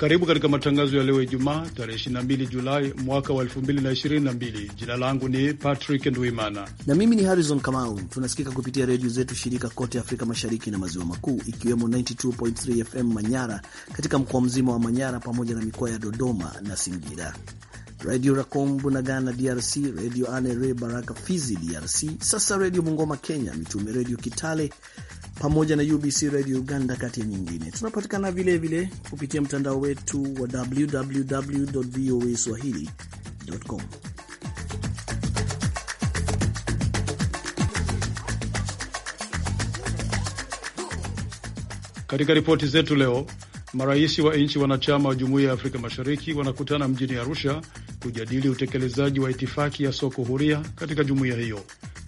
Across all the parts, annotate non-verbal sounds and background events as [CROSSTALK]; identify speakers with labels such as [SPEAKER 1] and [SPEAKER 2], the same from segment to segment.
[SPEAKER 1] Karibu katika matangazo ya leo Ijumaa, tarehe 22 Julai mwaka wa 2022. Jina langu ni Patrick Ndwimana
[SPEAKER 2] na mimi ni Harrison Kamau. Tunasikika kupitia redio zetu shirika kote Afrika Mashariki na Maziwa Makuu, ikiwemo 92.3 FM Manyara katika mkoa mzima wa Manyara pamoja na mikoa ya Dodoma na Singira, Redio Racom Bunagana DRC, Redio Anere Baraka Fizi DRC, sasa Redio mungoma Kenya, Mitume Redio Kitale pamoja na UBC Radio Uganda kati ya nyingine. Tunapatikana vilevile kupitia mtandao wetu wa www voa swahili.com.
[SPEAKER 1] Katika ripoti zetu leo, marais wa nchi wanachama wa Jumuiya ya Afrika Mashariki wanakutana mjini Arusha kujadili utekelezaji wa itifaki ya soko huria katika jumuiya hiyo.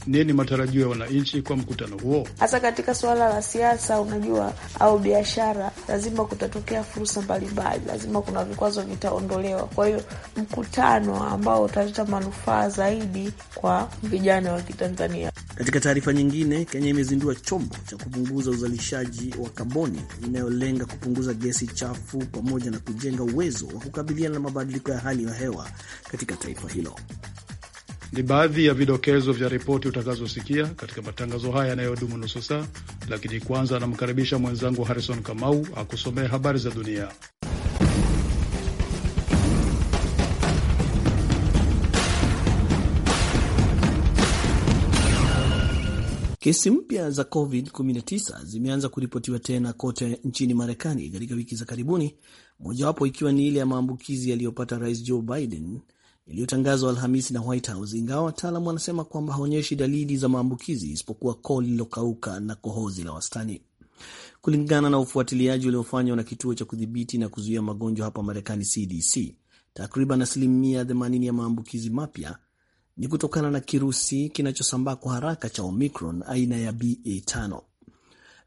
[SPEAKER 1] Nini matarajio ya wananchi kwa mkutano huo?
[SPEAKER 3] Hasa katika suala la siasa, unajua, au biashara, lazima kutatokea fursa mbalimbali, lazima kuna vikwazo vitaondolewa. Kwa hiyo mkutano ambao utaleta manufaa zaidi kwa vijana wa Kitanzania.
[SPEAKER 2] Katika taarifa nyingine, Kenya imezindua chombo cha kupunguza uzalishaji wa kaboni inayolenga kupunguza gesi chafu pamoja na kujenga uwezo wa kukabiliana na mabadiliko ya hali ya hewa katika taifa hilo. Ni baadhi ya vidokezo vya ripoti utakazosikia
[SPEAKER 1] katika matangazo haya yanayodumu nusu saa, lakini kwanza anamkaribisha mwenzangu Harrison Kamau akusomee habari za dunia.
[SPEAKER 2] Kesi mpya za COVID-19 zimeanza kuripotiwa tena kote nchini Marekani katika wiki za karibuni, mojawapo ikiwa ni ile ya maambukizi yaliyopata Rais Joe Biden iliyotangazwa Alhamisi na White House, ingawa wataalamu wanasema kwamba haonyeshi dalili za maambukizi isipokuwa koo lililokauka na kohozi la wastani. Kulingana na ufuatiliaji uliofanywa na kituo cha kudhibiti na kuzuia magonjwa hapa Marekani, CDC, takriban asilimia 80 ya maambukizi mapya ni kutokana na kirusi kinachosambaa kwa haraka cha Omicron aina ya BA5.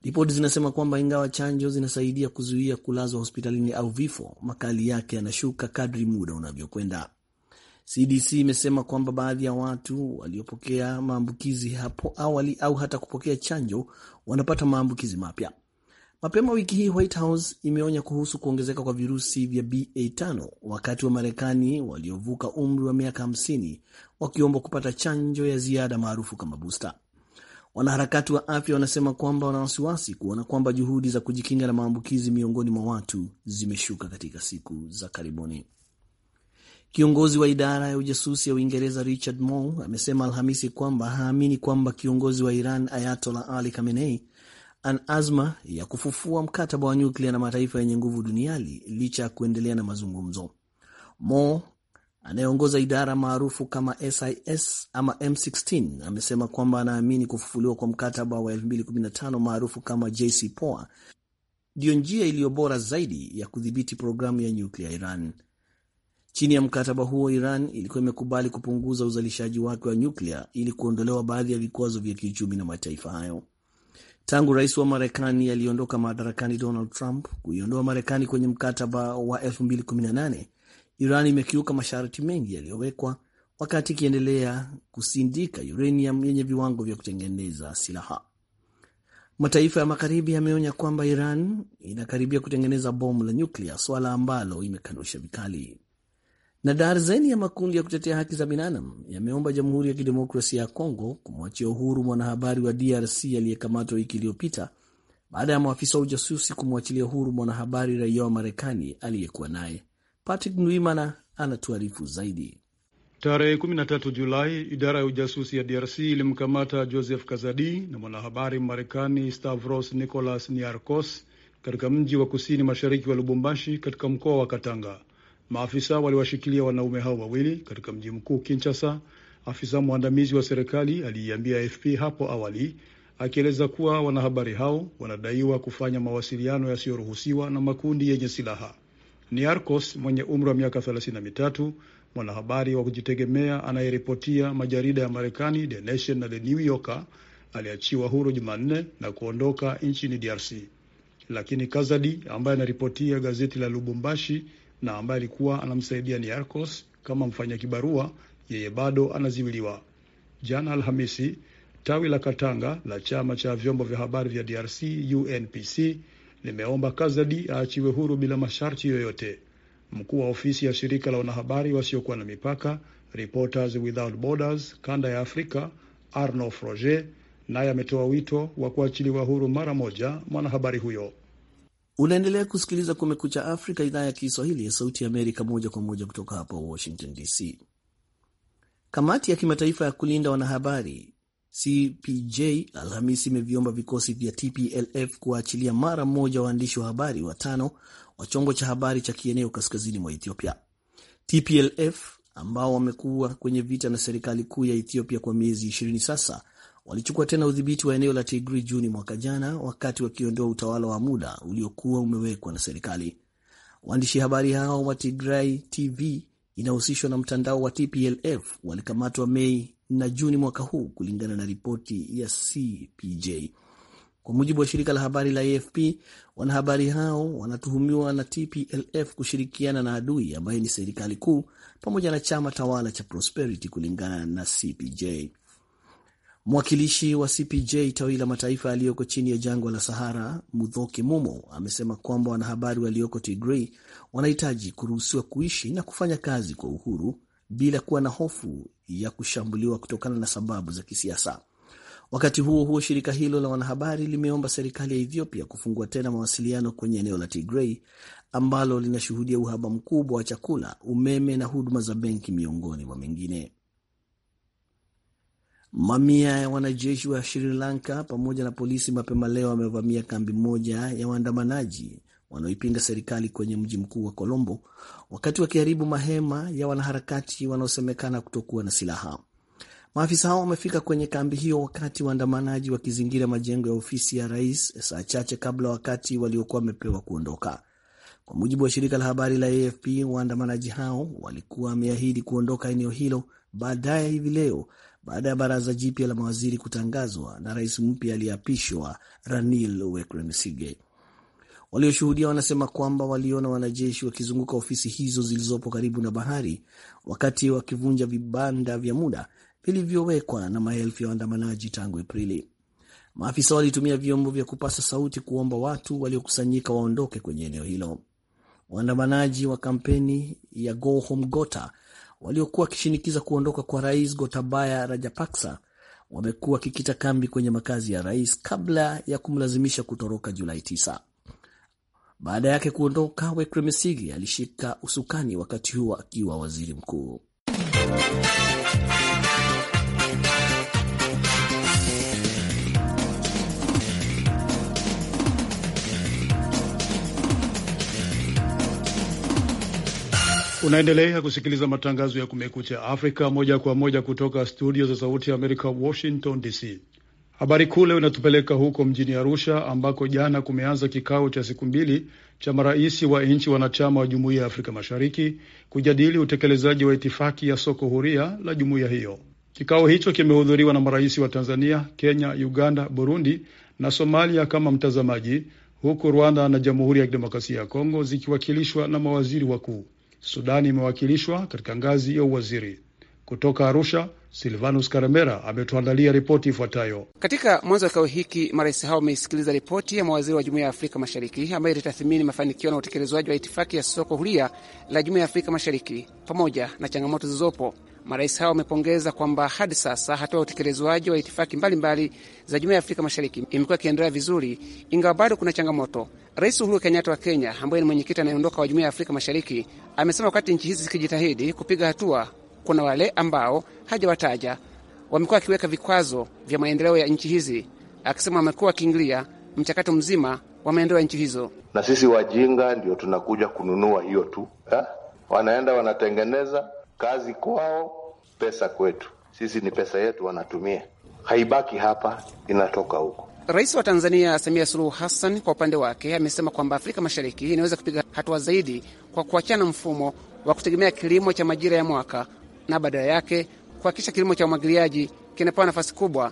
[SPEAKER 2] Ripoti zinasema kwamba ingawa chanjo zinasaidia kuzuia kulazwa hospitalini au vifo, makali yake yanashuka kadri muda unavyokwenda. CDC imesema kwamba baadhi ya watu waliopokea maambukizi hapo awali au hata kupokea chanjo wanapata maambukizi mapya. Mapema wiki hii White House imeonya kuhusu kuongezeka kwa virusi vya BA5 wakati wa Marekani waliovuka umri wa miaka 50 wakiombwa kupata chanjo ya ziada maarufu kama booster. Wanaharakati wa afya wanasema kwamba wana wasiwasi kuona kwamba juhudi za kujikinga na maambukizi miongoni mwa watu zimeshuka katika siku za karibuni. Kiongozi wa idara ya ujasusi ya Uingereza Richard Moore amesema Alhamisi kwamba haamini kwamba kiongozi wa Iran Ayatollah Ali Khamenei ana azma ya kufufua mkataba wa nyuklia na mataifa yenye nguvu duniani licha ya kuendelea na mazungumzo. Moore anayeongoza idara maarufu kama SIS ama M16 amesema kwamba anaamini kufufuliwa kwa mkataba wa 2015 maarufu kama JCPOA ndiyo njia iliyo bora zaidi ya kudhibiti programu ya nyuklia Iran. Chini ya mkataba huo, Iran ilikuwa imekubali kupunguza uzalishaji wake wa nyuklia ili kuondolewa baadhi ya vikwazo vya kiuchumi na mataifa hayo. Tangu rais wa Marekani aliondoka madarakani Donald Trump kuiondoa Marekani kwenye mkataba wa 2018 Iran imekiuka masharti mengi yaliyowekwa wakati ikiendelea kusindika uranium yenye viwango vya kutengeneza silaha. Mataifa ya Magharibi yameonya kwamba Iran inakaribia kutengeneza bomu la nyuklia, swala ambalo imekanusha vikali na darzeni ya makundi ya kutetea haki za binadamu yameomba Jamhuri ya Kidemokrasia ya Kongo kumwachia uhuru mwanahabari wa DRC aliyekamatwa wiki iliyopita baada ya maafisa wa ujasusi kumwachilia uhuru mwanahabari raia wa Marekani aliyekuwa naye. Patrick Nwimana anatuarifu zaidi.
[SPEAKER 1] Tarehe 13 Julai, idara ya ujasusi ya DRC ilimkamata Joseph Kazadi na mwanahabari Marekani Stavros Nicolas Niarkos katika mji wa kusini mashariki wa Lubumbashi katika mkoa wa Katanga. Maafisa waliwashikilia wanaume hao wawili katika mji mkuu Kinshasa, afisa mwandamizi wa serikali aliiambia AFP hapo awali, akieleza kuwa wanahabari hao wanadaiwa kufanya mawasiliano yasiyoruhusiwa na makundi yenye silaha. Niarcos mwenye umri wa miaka 33 mwanahabari wa kujitegemea anayeripotia majarida ya Marekani The Nation na The New Yorker aliachiwa huru Jumanne na kuondoka nchini DRC, lakini Kazadi ambaye anaripotia gazeti la Lubumbashi na ambaye alikuwa anamsaidia Niarcos kama mfanya kibarua, yeye bado anaziwiliwa. Jana Alhamisi, tawi la Katanga la chama cha vyombo vya habari vya DRC UNPC limeomba Kazadi aachiwe huru bila masharti yoyote. Mkuu wa ofisi ya shirika la wanahabari wasiokuwa na mipaka Reporters Without Borders kanda ya Afrika Arno Froger
[SPEAKER 2] naye ametoa wito wa kuachiliwa huru mara moja mwanahabari huyo. Unaendelea kusikiliza Kumekucha Afrika, idhaa ya Kiswahili ya Sauti ya Amerika, moja kwa moja kutoka hapa Washington DC. Kamati ya Kimataifa ya Kulinda Wanahabari CPJ Alhamisi imeviomba vikosi vya TPLF kuwaachilia mara moja waandishi wa habari watano wa chombo cha habari cha kieneo kaskazini mwa Ethiopia. TPLF ambao wamekuwa kwenye vita na serikali kuu ya Ethiopia kwa miezi ishirini sasa walichukua tena udhibiti wa eneo la tigri Juni mwaka jana, wakati wakiondoa utawala wa muda uliokuwa umewekwa na serikali. Waandishi habari hao wa Tigray TV inahusishwa na mtandao wa TPLF walikamatwa Mei na Juni mwaka huu, kulingana na ripoti ya CPJ. Kwa mujibu wa shirika la habari la AFP, wanahabari hao wanatuhumiwa na TPLF kushirikiana na adui ambaye ni serikali kuu pamoja na chama tawala cha Prosperity, kulingana na CPJ. Mwakilishi wa CPJ tawi la mataifa yaliyoko chini ya jangwa la Sahara, Mudhoki Mumo, amesema kwamba wanahabari walioko Tigrei wanahitaji kuruhusiwa kuishi na kufanya kazi kwa uhuru bila kuwa na hofu ya kushambuliwa kutokana na sababu za kisiasa. Wakati huo huo, shirika hilo la wanahabari limeomba serikali ya Ethiopia kufungua tena mawasiliano kwenye eneo la Tigrei ambalo linashuhudia uhaba mkubwa wa chakula, umeme na huduma za benki miongoni mwa mengine. Mamia ya wanajeshi wa Sri Lanka pamoja na polisi mapema leo wamevamia kambi moja ya waandamanaji wanaoipinga serikali kwenye mji mkuu wa Colombo, wakati wakiharibu mahema ya wanaharakati wanaosemekana kutokuwa na silaha. Maafisa hao wamefika kwenye kambi hiyo wakati waandamanaji wakizingira majengo ya ofisi ya rais, saa chache kabla wakati waliokuwa wamepewa kuondoka. Kwa mujibu wa shirika la habari la AFP, waandamanaji hao walikuwa wameahidi kuondoka eneo hilo baadaye hivi leo baada ya baraza jipya la mawaziri kutangazwa na rais mpya aliyeapishwa Ranil Wickremesinghe. Walioshuhudia wanasema kwamba waliona wanajeshi wakizunguka ofisi hizo zilizopo karibu na bahari, wakati wakivunja vibanda vya muda vilivyowekwa na maelfu ya waandamanaji tangu Aprili. Maafisa walitumia vyombo vya kupasa sauti kuomba watu waliokusanyika waondoke kwenye eneo hilo. Waandamanaji wa kampeni ya Go Home Gota waliokuwa wakishinikiza kuondoka kwa rais Gotabaya Rajapaksa wamekuwa wakikita kambi kwenye makazi ya rais kabla ya kumlazimisha kutoroka Julai 9. Baada yake kuondoka, Wekre Mesigi alishika usukani wakati huo akiwa waziri mkuu.
[SPEAKER 1] Unaendelea kusikiliza matangazo ya Kumekucha Afrika moja kwa moja kutoka studio za Sauti ya Amerika, Washington DC. Habari kuu leo inatupeleka huko mjini Arusha, ambako jana kumeanza kikao cha siku mbili cha marais wa nchi wanachama wa Jumuiya ya Afrika Mashariki kujadili utekelezaji wa itifaki ya soko huria la jumuiya hiyo. Kikao hicho kimehudhuriwa na marais wa Tanzania, Kenya, Uganda, Burundi na Somalia kama mtazamaji, huku Rwanda na Jamhuri ya Kidemokrasia ya Kongo zikiwakilishwa na mawaziri wakuu. Sudani imewakilishwa katika ngazi ya uwaziri. Kutoka Arusha, Silvanus Karemera ametuandalia ripoti ifuatayo.
[SPEAKER 4] Katika mwanzo wa kikao hiki, marais hao wameisikiliza ripoti ya mawaziri wa Jumuiya ya Afrika Mashariki ambayo itatathmini mafanikio na utekelezwaji wa itifaki ya soko huria la Jumuiya ya Afrika Mashariki pamoja na changamoto zilizopo. Marais hao wamepongeza kwamba hadi sasa hatua ya utekelezwaji wa itifaki mbalimbali mbali za Jumuiya ya Afrika Mashariki imekuwa ikiendelea vizuri, ingawa bado kuna changamoto Rais Uhuru Kenyatta wa Kenya, ambaye ni mwenyekiti anayeondoka wa Jumuiya ya Afrika Mashariki, amesema wakati nchi hizi zikijitahidi kupiga hatua, kuna wale ambao hajawataja wamekuwa wakiweka vikwazo vya maendeleo ya nchi hizi, akisema wamekuwa wakiingilia mchakato mzima wa maendeleo ya nchi hizo.
[SPEAKER 3] Na sisi
[SPEAKER 1] wajinga ndio tunakuja kununua hiyo tu ha? Wanaenda wanatengeneza kazi kwao, pesa kwetu sisi ni pesa yetu, wanatumia haibaki hapa, inatoka huko.
[SPEAKER 4] Rais wa Tanzania Samia Suluhu Hassan kwa upande wake amesema kwamba Afrika Mashariki inaweza kupiga hatua zaidi kwa kuachana mfumo wa kutegemea kilimo cha majira ya mwaka na badala yake kuhakikisha kilimo cha umwagiliaji kinapewa nafasi kubwa.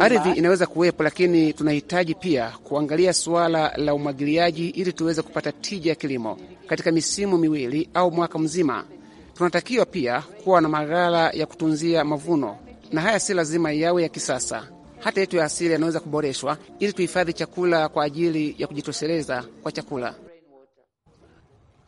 [SPEAKER 4] Ardhi inaweza kuwepo, lakini tunahitaji pia kuangalia suala la umwagiliaji ili tuweze kupata tija ya kilimo katika misimu miwili au mwaka mzima. Tunatakiwa pia kuwa na maghala ya kutunzia mavuno na haya si lazima yawe ya kisasa. Hata yetu ya asili yanaweza kuboreshwa ili tuhifadhi chakula kwa ajili ya kujitosheleza kwa chakula.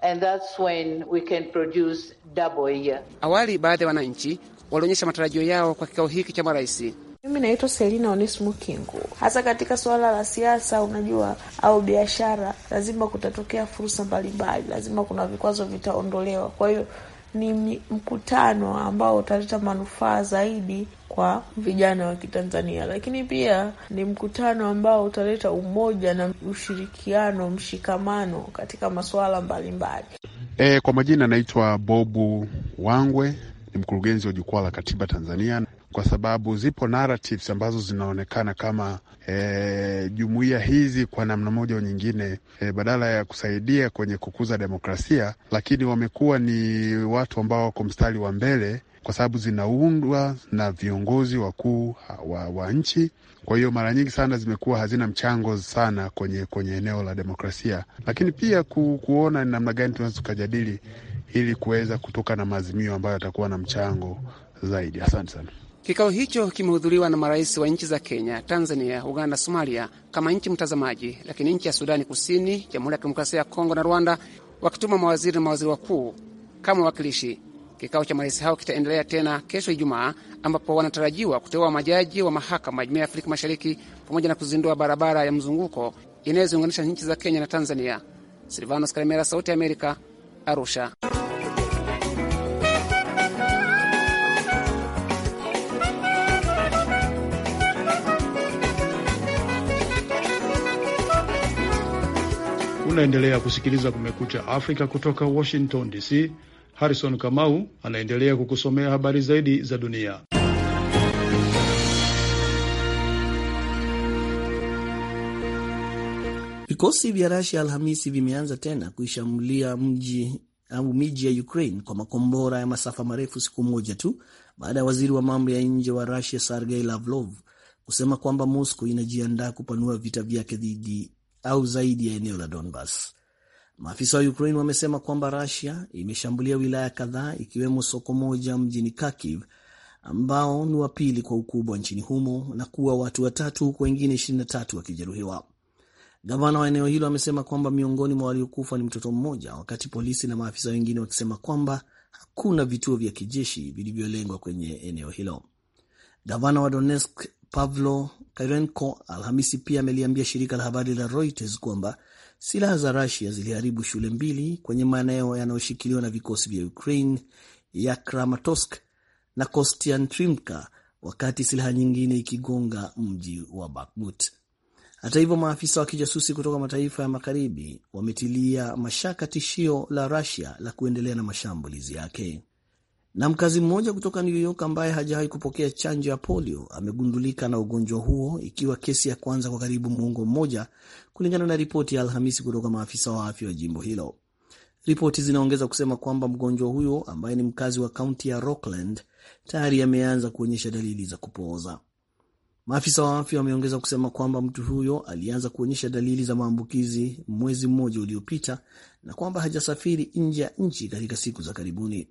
[SPEAKER 2] And that's when
[SPEAKER 3] we can produce double year.
[SPEAKER 4] Awali baadhi ya wananchi walionyesha matarajio yao kwa kikao hiki cha marais.
[SPEAKER 3] Mimi naitwa Selina Onesimo Kingu. Hasa katika suala la siasa, unajua, au biashara, lazima kutatokea fursa mbalimbali, lazima kuna vikwazo vitaondolewa. Kwa hiyo ni mkutano ambao utaleta manufaa zaidi kwa vijana wa Kitanzania, lakini pia ni mkutano ambao utaleta umoja na ushirikiano, mshikamano katika masuala mbalimbali.
[SPEAKER 1] E, kwa majina naitwa Bobu Wangwe, ni mkurugenzi wa Jukwaa la Katiba Tanzania. Kwa sababu zipo narratives ambazo zinaonekana kama e, jumuiya hizi kwa namna moja au nyingine e, badala ya kusaidia kwenye kukuza demokrasia, lakini wamekuwa ni watu ambao wako mstari wa mbele kwa sababu zinaundwa na viongozi wakuu wa, wa nchi. Kwa hiyo mara nyingi sana zimekuwa hazina mchango sana kwenye, kwenye eneo la demokrasia, lakini pia ku, kuona ni namna gani tunaweza tukajadili ili kuweza kutoka na maazimio ambayo yatakuwa na mchango zaidi. Asante sana.
[SPEAKER 4] Kikao hicho kimehudhuriwa na marais wa nchi za Kenya, Tanzania, Uganda Somalia kama nchi mtazamaji, lakini nchi ya Sudani Kusini, Jamhuri ya Kidemokrasia ya Kongo na Rwanda wakituma mawaziri na mawaziri wakuu kama wawakilishi. Kikao cha marais hao kitaendelea tena kesho Ijumaa, ambapo wanatarajiwa kuteua majaji wa mahakama ya Jumuiya ya Afrika Mashariki pamoja na kuzindua barabara ya mzunguko inayoziunganisha nchi za Kenya na Tanzania. Silvanos Karemera, Sauti ya Amerika, Arusha.
[SPEAKER 1] Unaendelea kusikiliza Kumekucha Afrika kutoka Washington DC. Harrison Kamau anaendelea kukusomea habari zaidi za dunia.
[SPEAKER 2] Vikosi vya Rasia Alhamisi vimeanza tena kuishambulia mji au miji ya Ukraine kwa makombora ya masafa marefu, siku moja tu baada ya waziri wa mambo ya nje wa Rasia Sergei Lavrov kusema kwamba Moscow inajiandaa kupanua vita vyake dhidi au zaidi ya eneo la Donbas. Maafisa wa Ukraine wamesema kwamba rasia imeshambulia wilaya kadhaa ikiwemo soko moja mjini Kharkiv ambao ni wa pili kwa ukubwa nchini humo na kuwa watu watatu huku wengine 23 wakijeruhiwa. Gavana wa eneo hilo amesema kwamba miongoni mwa waliokufa ni mtoto mmoja, wakati polisi na maafisa wengine wakisema kwamba hakuna vituo vya kijeshi vilivyolengwa kwenye eneo hilo. Gavana wa Donetsk Pavlo Kyrenko Alhamisi pia ameliambia shirika la habari la Reuters kwamba silaha za Rusia ziliharibu shule mbili kwenye maeneo yanayoshikiliwa na vikosi vya Ukraine ya Kramatorsk na Kostiantynivka, wakati silaha nyingine ikigonga mji wa Bakhmut. Hata hivyo, maafisa wa kijasusi kutoka mataifa ya magharibi wametilia mashaka tishio la Rusia la kuendelea na mashambulizi yake. Na mkazi mmoja kutoka New York ambaye hajawahi kupokea chanjo ya polio amegundulika na ugonjwa huo, ikiwa kesi ya kwanza kwa karibu muongo mmoja, kulingana na ripoti ya Alhamisi kutoka maafisa wa afya wa jimbo hilo. Ripoti zinaongeza kusema kwamba mgonjwa huyo ambaye ni mkazi wa kaunti ya Rockland tayari ameanza kuonyesha dalili za kupooza. Maafisa wa afya wameongeza kusema kwamba mtu huyo alianza kuonyesha dalili za maambukizi mwezi mmoja uliopita na kwamba hajasafiri nje ya nchi katika siku za karibuni.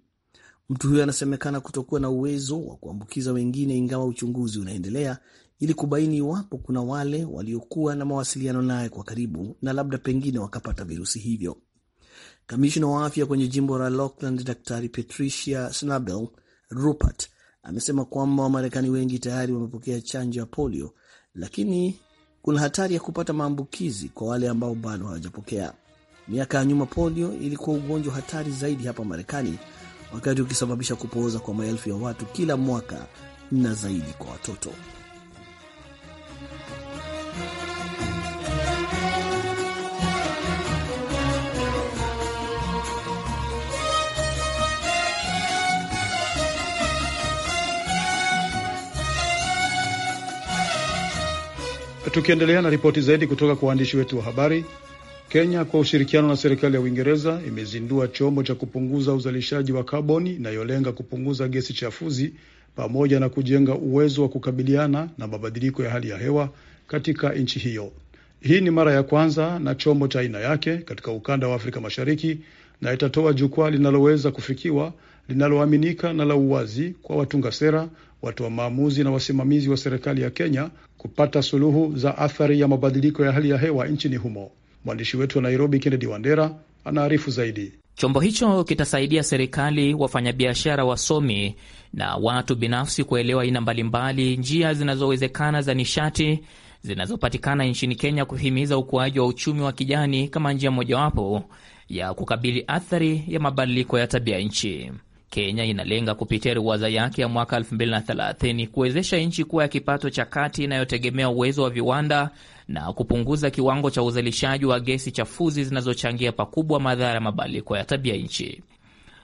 [SPEAKER 2] Mtu huyo anasemekana kutokuwa na uwezo wa kuambukiza wengine, ingawa uchunguzi unaendelea ili kubaini iwapo kuna wale waliokuwa na mawasiliano naye kwa karibu na labda pengine wakapata virusi hivyo. Kamishna wa afya kwenye jimbo la Lockland, Daktari Patricia Snabel Rupert amesema kwamba Wamarekani wengi tayari wamepokea chanjo ya polio, lakini kuna hatari ya kupata maambukizi kwa wale ambao bado hawajapokea. Miaka ya nyuma polio ilikuwa ugonjwa hatari zaidi hapa Marekani wakati ukisababisha kupooza kwa maelfu ya watu kila mwaka na zaidi kwa watoto.
[SPEAKER 1] Tukiendelea na ripoti zaidi kutoka kwa waandishi wetu wa habari, Kenya kwa ushirikiano na serikali ya Uingereza imezindua chombo cha kupunguza uzalishaji wa kaboni inayolenga kupunguza gesi chafuzi pamoja na kujenga uwezo wa kukabiliana na mabadiliko ya hali ya hewa katika nchi hiyo. Hii ni mara ya kwanza na chombo cha aina yake katika ukanda wa Afrika Mashariki na itatoa jukwaa linaloweza kufikiwa, linaloaminika na la uwazi kwa watunga sera, watu wa maamuzi na wasimamizi wa serikali ya Kenya kupata suluhu za athari ya mabadiliko ya hali ya hewa nchini humo. Mwandishi wetu wa Nairobi, Kennedy Wandera, anaarifu zaidi.
[SPEAKER 3] Chombo hicho kitasaidia serikali, wafanyabiashara, wasomi na watu binafsi kuelewa aina mbalimbali, njia zinazowezekana za nishati zinazopatikana nchini Kenya, kuhimiza ukuaji wa uchumi wa kijani kama njia mojawapo ya kukabili athari ya mabadiliko ya tabia nchi. Kenya inalenga kupitia ruwaza yake ya mwaka 2030 kuwezesha nchi kuwa ya kipato cha kati inayotegemea uwezo wa viwanda na kupunguza kiwango cha uzalishaji wa gesi chafuzi zinazochangia pakubwa madhara ya mabadiliko ya tabia nchi.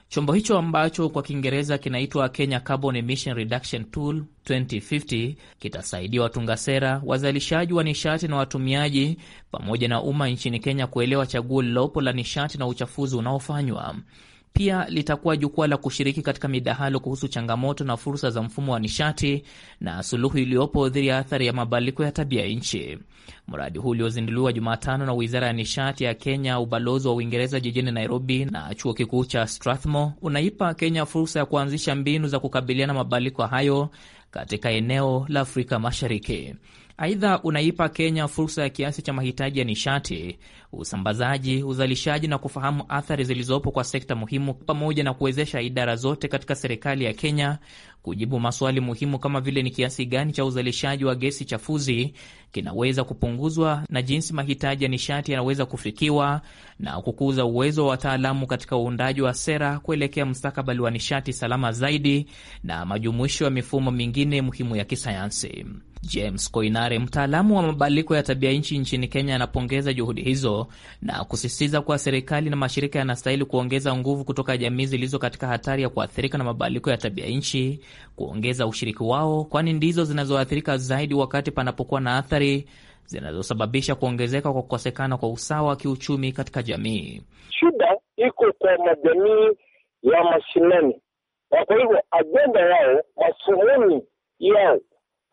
[SPEAKER 3] Chombo hicho ambacho kwa Kiingereza kinaitwa Kenya Carbon Emission Reduction Tool 2050 kitasaidia watunga sera, wazalishaji wa nishati na watumiaji pamoja na umma nchini Kenya kuelewa chaguo lilopo la nishati na uchafuzi unaofanywa. Pia litakuwa jukwaa la kushiriki katika midahalo kuhusu changamoto na fursa za mfumo wa nishati na suluhu iliyopo dhidi ya athari ya mabadiliko ya tabia nchi. Mradi huu uliozinduliwa Jumatano na Wizara ya Nishati ya Kenya, ubalozi wa Uingereza jijini Nairobi na chuo kikuu cha Strathmore unaipa Kenya fursa ya kuanzisha mbinu za kukabiliana mabadiliko hayo katika eneo la Afrika Mashariki. Aidha, unaipa Kenya fursa ya kiasi cha mahitaji ya nishati, usambazaji, uzalishaji na kufahamu athari zilizopo kwa sekta muhimu, pamoja na kuwezesha idara zote katika serikali ya Kenya kujibu maswali muhimu kama vile ni kiasi gani cha uzalishaji wa gesi chafuzi kinaweza kupunguzwa na jinsi mahitaji ya nishati yanaweza kufikiwa na kukuza uwezo wa wataalamu katika uundaji wa sera kuelekea mstakabali wa nishati salama zaidi na majumuisho ya mifumo mingine muhimu ya kisayansi. James Koinare, mtaalamu wa mabadiliko ya tabia nchi nchini Kenya, anapongeza juhudi hizo na kusisitiza kuwa serikali na mashirika yanastahili kuongeza nguvu kutoka jamii zilizo katika hatari ya kuathirika na mabadiliko ya tabia nchi kuongeza ushiriki wao, kwani ndizo zinazoathirika zaidi wakati panapokuwa na athari zinazosababisha kuongezeka kwa kukosekana kwa usawa wa kiuchumi katika jamii.
[SPEAKER 2] Shida iko kwa majamii ya mashinani, na kwa hivyo ajenda yao, masumuni yao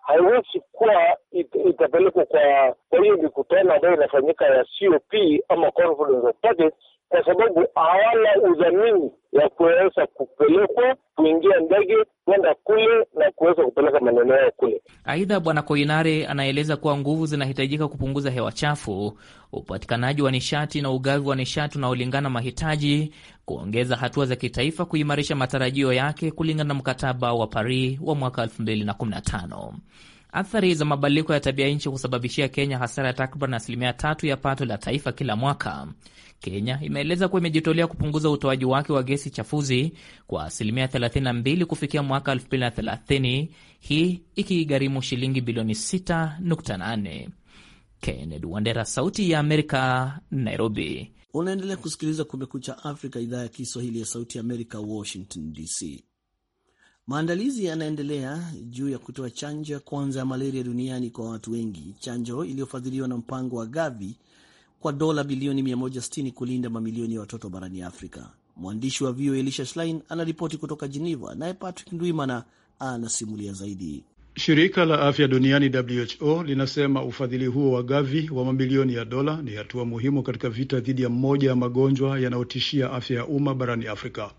[SPEAKER 2] haiwezi kuwa itapelekwa kwa kwa hiyo mikutano ambayo
[SPEAKER 1] inafanyika ya COP ama Conference of Parties, kwa sababu hawana udhamini
[SPEAKER 4] ya kuweza kupelekwa kuingia ndege kwenda kule na kuweza kupeleka maneno yao kule.
[SPEAKER 3] Aidha, Bwana Koinare anaeleza kuwa nguvu zinahitajika kupunguza hewa chafu, upatikanaji wa nishati na ugavi wa nishati unaolingana mahitaji, kuongeza hatua za kitaifa kuimarisha matarajio yake kulingana na mkataba wa Paris wa mwaka 2015. Athari za mabadiliko ya tabia nchi husababishia Kenya hasara ya takriban asilimia tatu ya pato la taifa kila mwaka. Kenya imeeleza kuwa imejitolea kupunguza utoaji wake wa gesi chafuzi kwa asilimia 32 kufikia mwaka 2030, hii ikigharimu shilingi bilioni 6.8. Kennedy Wandera, Sauti ya Amerika, Nairobi.
[SPEAKER 2] Unaendelea kusikiliza Kumekucha Afrika, idhaa ya Kiswahili ya Sauti ya Amerika, Washington DC. Maandalizi yanaendelea juu ya kutoa chanjo ya kwanza ya malaria duniani kwa watu wengi, chanjo iliyofadhiliwa na mpango wa Gavi kwa dola bilioni 160 kulinda mamilioni ya watoto barani Afrika. Mwandishi wa VOA Elisha Schlein anaripoti kutoka Geneva, naye Patrick Ndwimana anasimulia zaidi.
[SPEAKER 1] Shirika la afya duniani WHO linasema ufadhili huo wa Gavi wa mamilioni ya dola ni hatua muhimu katika vita dhidi ya mmoja ya magonjwa yanayotishia afya ya umma barani Afrika.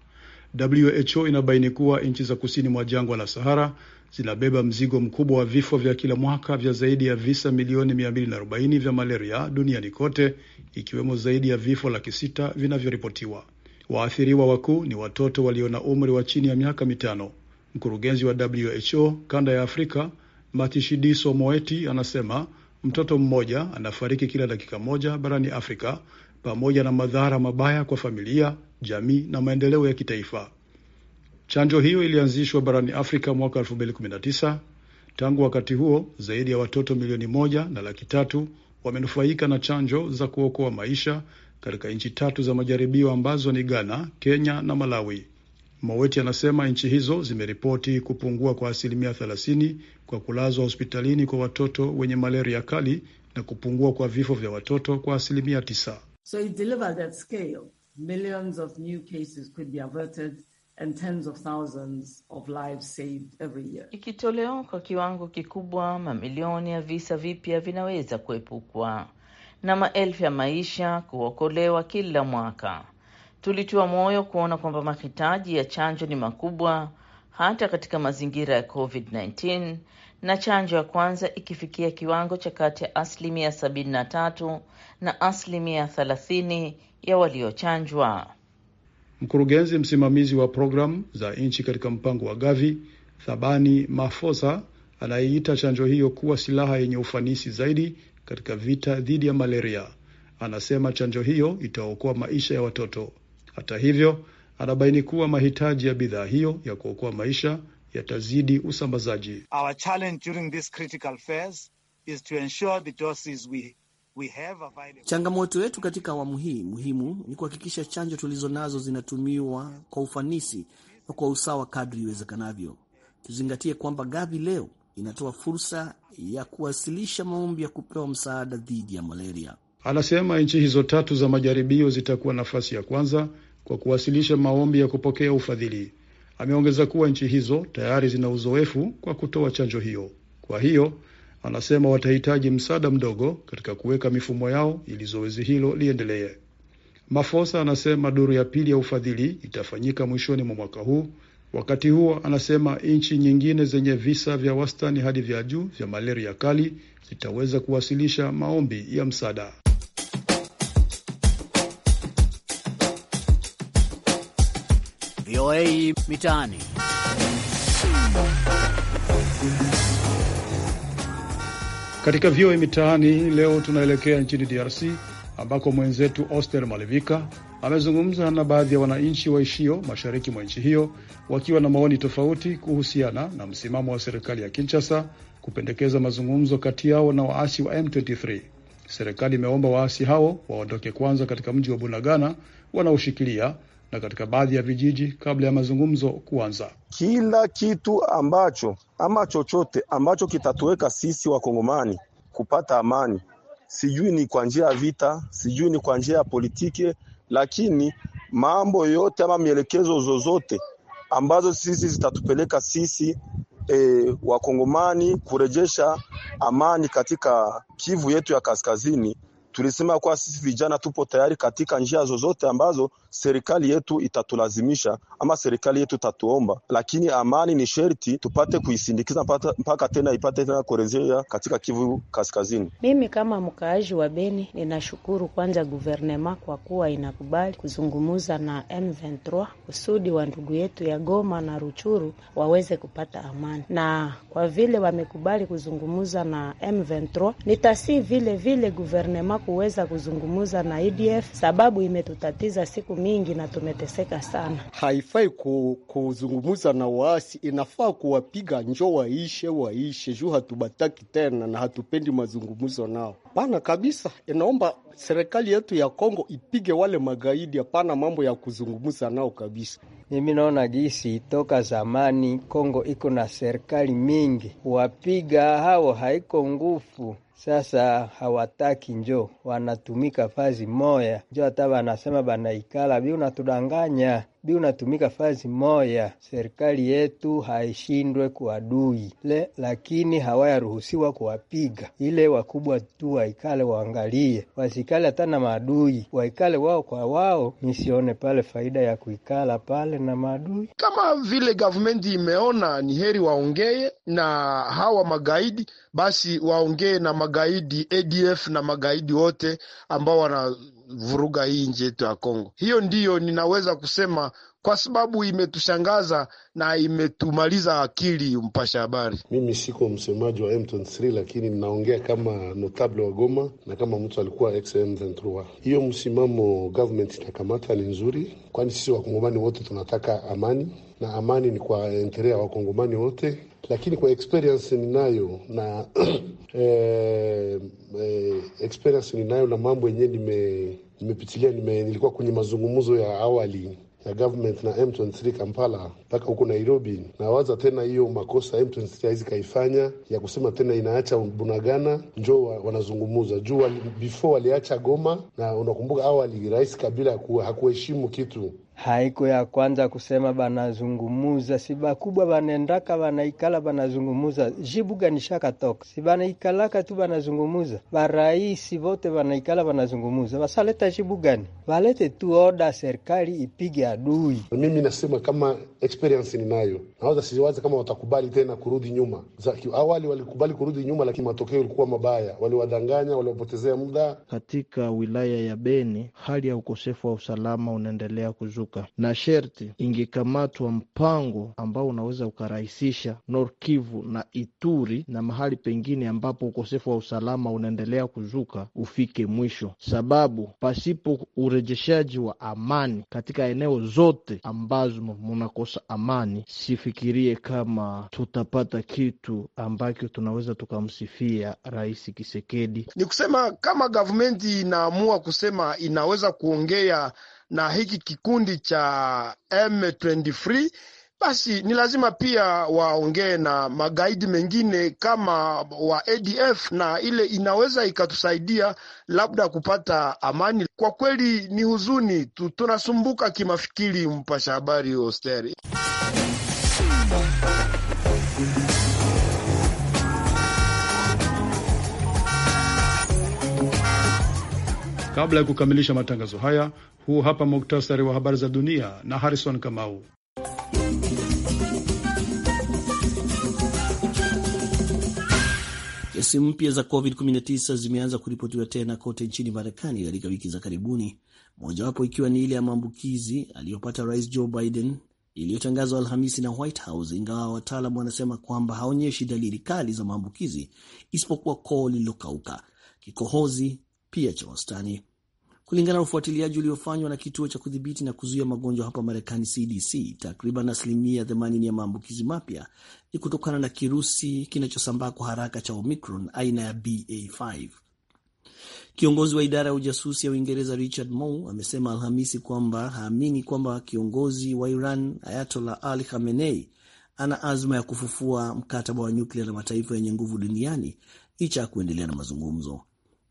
[SPEAKER 1] WHO inabaini kuwa nchi za kusini mwa jangwa la Sahara zinabeba mzigo mkubwa wa vifo vya kila mwaka vya zaidi ya visa milioni 240 vya malaria duniani kote, ikiwemo zaidi ya vifo laki sita vinavyoripotiwa. Waathiriwa wakuu ni watoto walio na umri wa chini ya miaka mitano. Mkurugenzi wa WHO kanda ya Afrika Matshidiso Moeti anasema mtoto mmoja anafariki kila dakika moja barani Afrika, pamoja na madhara mabaya kwa familia, jamii na maendeleo ya kitaifa. Chanjo hiyo ilianzishwa barani Afrika mwaka 2019. Tangu wakati huo zaidi ya watoto milioni moja na laki tatu wamenufaika na chanjo za kuokoa maisha katika nchi tatu za majaribio ambazo ni Ghana, Kenya na Malawi. Moweti anasema nchi hizo zimeripoti kupungua kwa asilimia 30 kwa kulazwa hospitalini kwa watoto wenye malaria kali na kupungua kwa vifo vya watoto kwa asilimia 9.
[SPEAKER 2] So millions of new cases could be
[SPEAKER 4] averted and tens of thousands of lives saved every year.
[SPEAKER 3] Ikitolewa kwa kiwango kikubwa, mamilioni ya visa vipya vinaweza kuepukwa na maelfu ya maisha kuokolewa kila mwaka. Tulitiwa moyo kuona kwamba mahitaji ya chanjo ni makubwa hata katika mazingira ya COVID-19 na chanjo ya kwanza ikifikia kiwango cha kati ya asilimia sabini na tatu na asilimia thelathini ya waliochanjwa.
[SPEAKER 1] Mkurugenzi msimamizi wa programu za nchi katika mpango wa Gavi, Thabani mafosa anayeita chanjo hiyo kuwa silaha yenye ufanisi zaidi katika vita dhidi ya malaria, anasema chanjo hiyo itaokoa maisha ya watoto. Hata hivyo, anabaini kuwa mahitaji ya bidhaa hiyo ya kuokoa maisha yatazidi usambazaji. Our challenge during this critical phase is to ensure the doses we
[SPEAKER 2] Changamoto yetu katika awamu hii muhimu ni kuhakikisha chanjo tulizo nazo zinatumiwa kwa ufanisi na kwa usawa kadri iwezekanavyo. Tuzingatie kwamba Gavi leo inatoa fursa ya kuwasilisha maombi ya kupewa msaada dhidi ya malaria.
[SPEAKER 1] Anasema nchi hizo tatu za majaribio zitakuwa nafasi ya kwanza kwa kuwasilisha maombi ya kupokea ufadhili. Ameongeza kuwa nchi hizo tayari zina uzoefu kwa kutoa chanjo hiyo. Kwa hiyo anasema watahitaji msaada mdogo katika kuweka mifumo yao ili zoezi hilo liendelee. Mafosa anasema duru ya pili ya ufadhili itafanyika mwishoni mwa mwaka huu. Wakati huo, anasema nchi nyingine zenye visa vya wastani hadi vya juu vya malaria kali zitaweza kuwasilisha maombi ya msaada.
[SPEAKER 3] VOA Mitaani.
[SPEAKER 1] Katika VOA Mitaani leo tunaelekea nchini DRC ambako mwenzetu Oster Malivika amezungumza na baadhi ya wananchi waishio mashariki mwa nchi hiyo wakiwa na maoni tofauti kuhusiana na msimamo wa serikali ya Kinshasa kupendekeza mazungumzo kati yao na waasi wa M23. Serikali imeomba waasi hao waondoke kwanza katika mji wa Bunagana wanaoshikilia na katika baadhi ya vijiji kabla ya mazungumzo kuanza. Kila kitu ambacho ama chochote ambacho kitatuweka sisi wakongomani kupata amani, sijui ni kwa njia ya vita, sijui ni kwa njia ya politiki, lakini mambo yote ama mielekezo zozote ambazo sisi zitatupeleka sisi e, wakongomani kurejesha amani katika Kivu yetu ya kaskazini tulisema kuwa sisi vijana tupo tayari katika njia zozote ambazo serikali yetu itatulazimisha ama serikali yetu itatuomba, lakini amani ni sherti tupate kuisindikiza mpaka tena ipate tena kurejea katika Kivu Kaskazini.
[SPEAKER 3] Mimi kama mkaaji wa Beni ninashukuru kwanza guvernema kwa kuwa inakubali kuzungumuza na M23 kusudi wa ndugu yetu ya Goma na Ruchuru waweze kupata amani, na kwa vile wamekubali kuzungumuza na M23 nitasi vile vile guvernema kuweza kuzungumza na IDF e sababu imetutatiza siku mingi na tumeteseka sana.
[SPEAKER 1] Haifai ku, kuzungumza na waasi, inafaa kuwapiga njo waishe waishe, juu hatubataki tena na hatupendi mazungumzo nao. Pana kabisa, inaomba
[SPEAKER 2] serikali yetu ya Kongo ipige wale magaidi. Hapana mambo ya kuzungumza nao kabisa. Mimi naona gisi toka zamani Kongo iko na serikali mingi, wapiga hao haiko ngufu sasa hawataki njo wanatumika fazi moya, njo hata wanasema banaikala unatudanganya bi unatumika fazi moya, serikali yetu haishindwe kuadui le, lakini hawayaruhusiwa kuwapiga. Ile wakubwa tu waikale waangalie, wasikale hata na maadui, waikale wao kwa wao. Misione pale faida ya kuikala pale na maadui, kama vile gavumenti imeona ni heri waongee na
[SPEAKER 1] hawa magaidi, basi waongee na magaidi ADF na magaidi wote ambao wana vuruga hii nchi yetu ya Kongo. Hiyo ndiyo ninaweza kusema kwa sababu imetushangaza na imetumaliza akili. Mpasha habari, mimi siko msemaji wa M23, lakini ninaongea kama notable wa Goma na kama mtu alikuwa ex M23. Hiyo msimamo government inakamata ni nzuri, kwani sisi wakongomani wote tunataka amani na amani ni kwa enterea wakongomani wote lakini kwa experience ninayo na [CLEARS THROAT] eh, eh, experience ninayo na mambo yenyewe nime, nimepitilia nime, nilikuwa kwenye mazungumzo ya awali ya government na M23 Kampala mpaka huko Nairobi. Nawaza tena hiyo makosa M23 haizi kaifanya ya kusema tena inaacha Bunagana njo wanazungumuza juu wali, before waliacha Goma, na unakumbuka awali Rais Kabila hakuheshimu kitu
[SPEAKER 2] haiko ya kwanza kusema banazungumuza, si bakubwa banaendaka banaikala banazungumuza, jibu shaka toka, si banaikalaka tu banazungumuza, baraisi vote banaikala banazungumuza, basaleta jibu gani? Balete tu oda, serikali ipige adui. Mimi
[SPEAKER 1] nasema kama experience ninayo, naweza siwazi kama watakubali tena kurudi nyuma. Za awali walikubali kurudi nyuma, lakini matokeo yalikuwa mabaya, waliwadanganya, waliwapotezea muda.
[SPEAKER 2] Katika wilaya ya Beni hali ya ukosefu wa usalama unaendelea kuzuka, na sherti ingekamatwa mpango ambao unaweza ukarahisisha norkivu Kivu na Ituri na mahali pengine ambapo ukosefu wa usalama unaendelea kuzuka ufike mwisho, sababu pasipo urejeshaji wa amani katika eneo zote ambazo mnakosa kukosa amani, sifikirie kama tutapata kitu ambacho tunaweza tukamsifia Rais Kisekedi. Ni kusema
[SPEAKER 1] kama gavumenti inaamua kusema inaweza kuongea na hiki kikundi cha M23 basi ni lazima pia waongee na magaidi mengine kama wa ADF, na ile inaweza ikatusaidia labda kupata amani. Kwa kweli ni huzuni tu, tunasumbuka kimafikiri. Mpasha habari Osteri. Kabla ya kukamilisha matangazo haya, huu hapa muktasari wa habari za dunia na Harrison Kamau.
[SPEAKER 2] Kesi mpya za COVID-19 zimeanza kuripotiwa tena kote nchini Marekani katika wiki za karibuni, mojawapo ikiwa ni ile ya maambukizi aliyopata Rais Joe Biden iliyotangazwa Alhamisi na White House, ingawa wataalamu wanasema kwamba haonyeshi dalili kali za maambukizi isipokuwa koo lililokauka, kikohozi pia cha wastani. Kulingana na ufuatiliaji uliofanywa na kituo cha kudhibiti na kuzuia magonjwa hapa Marekani, CDC, takriban asilimia 80 ya maambukizi mapya ni kutokana na kirusi kinachosambaa kwa haraka cha Omicron aina ya BA5. Kiongozi wa idara ya ujasusi ya Uingereza Richard mo amesema Alhamisi kwamba haamini kwamba kiongozi wa Iran Ayatollah Ali Khamenei ana azma ya kufufua mkataba wa nyuklia na mataifa yenye nguvu duniani licha ya kuendelea na mazungumzo.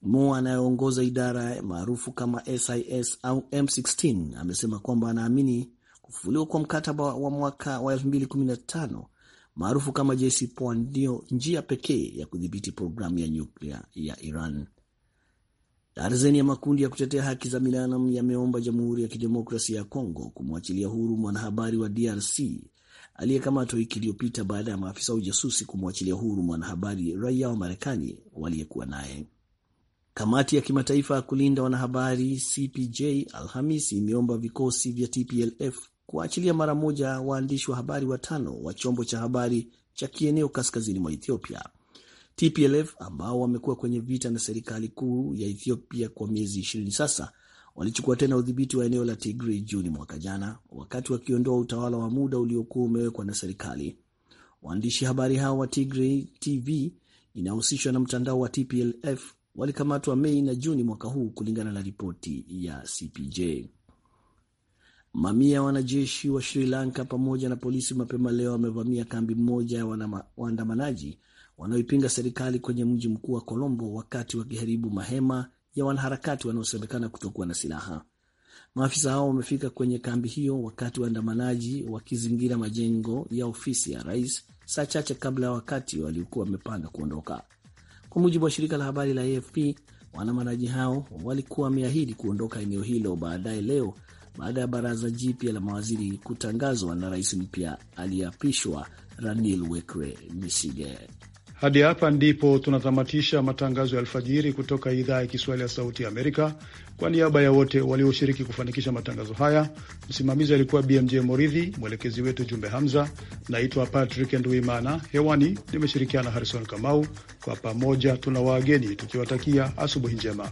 [SPEAKER 2] Mo anayeongoza idara maarufu kama SIS au M16 amesema kwamba anaamini kufufuliwa kwa mkataba wa mwaka wa 2015 maarufu kama JCPOA ndiyo njia pekee ya kudhibiti programu ya nyuklia ya Iran. Darzeni ya makundi ya kutetea haki za binadamu yameomba Jamhuri ya Kidemokrasia ya Kongo kumwachilia huru mwanahabari wa DRC aliyekamatwa wiki iliyopita baada ya maafisa wa ujasusi kumwachilia huru mwanahabari raia wa Marekani waliyekuwa naye. Kamati ya kimataifa ya kulinda wanahabari CPJ Alhamisi imeomba vikosi vya TPLF kuachilia mara moja waandishi wa habari watano wa chombo cha habari cha kieneo kaskazini mwa Ethiopia. TPLF ambao wamekuwa kwenye vita na serikali kuu ya Ethiopia kwa miezi ishirini sasa walichukua tena udhibiti wa eneo la Tigray Juni mwaka jana, wakati wakiondoa utawala wa muda uliokuwa umewekwa na serikali. Waandishi habari hao wa Tigray TV inahusishwa na mtandao wa TPLF walikamatwa Mei na Juni mwaka huu, kulingana na ripoti ya CPJ. Mamia ya wanajeshi wa Sri Lanka pamoja na polisi mapema leo wamevamia kambi moja ya waandamanaji wanaoipinga serikali kwenye mji mkuu wa Colombo, wakati wakiharibu mahema ya wanaharakati wanaosemekana kutokuwa na silaha. Maafisa hao wamefika kwenye kambi hiyo wakati waandamanaji wakizingira majengo ya ofisi ya rais saa chache kabla ya wakati waliokuwa wamepanga kuondoka. Kwa mujibu wa shirika la habari la AFP, waandamanaji hao walikuwa wameahidi kuondoka eneo hilo baadaye leo baada ya baraza jipya la mawaziri kutangazwa na rais mpya aliyeapishwa Ranil Wickremesinghe. Hadi
[SPEAKER 1] hapa ndipo tunatamatisha matangazo ya alfajiri kutoka idhaa ya Kiswahili ya Sauti ya Amerika. Kwa niaba ya wote walioshiriki kufanikisha matangazo haya, msimamizi alikuwa BMJ Moridhi, mwelekezi wetu Jumbe Hamza. Naitwa Patrick Nduimana, hewani nimeshirikiana Harrison Kamau. Kwa pamoja tuna wageni tukiwatakia asubuhi njema.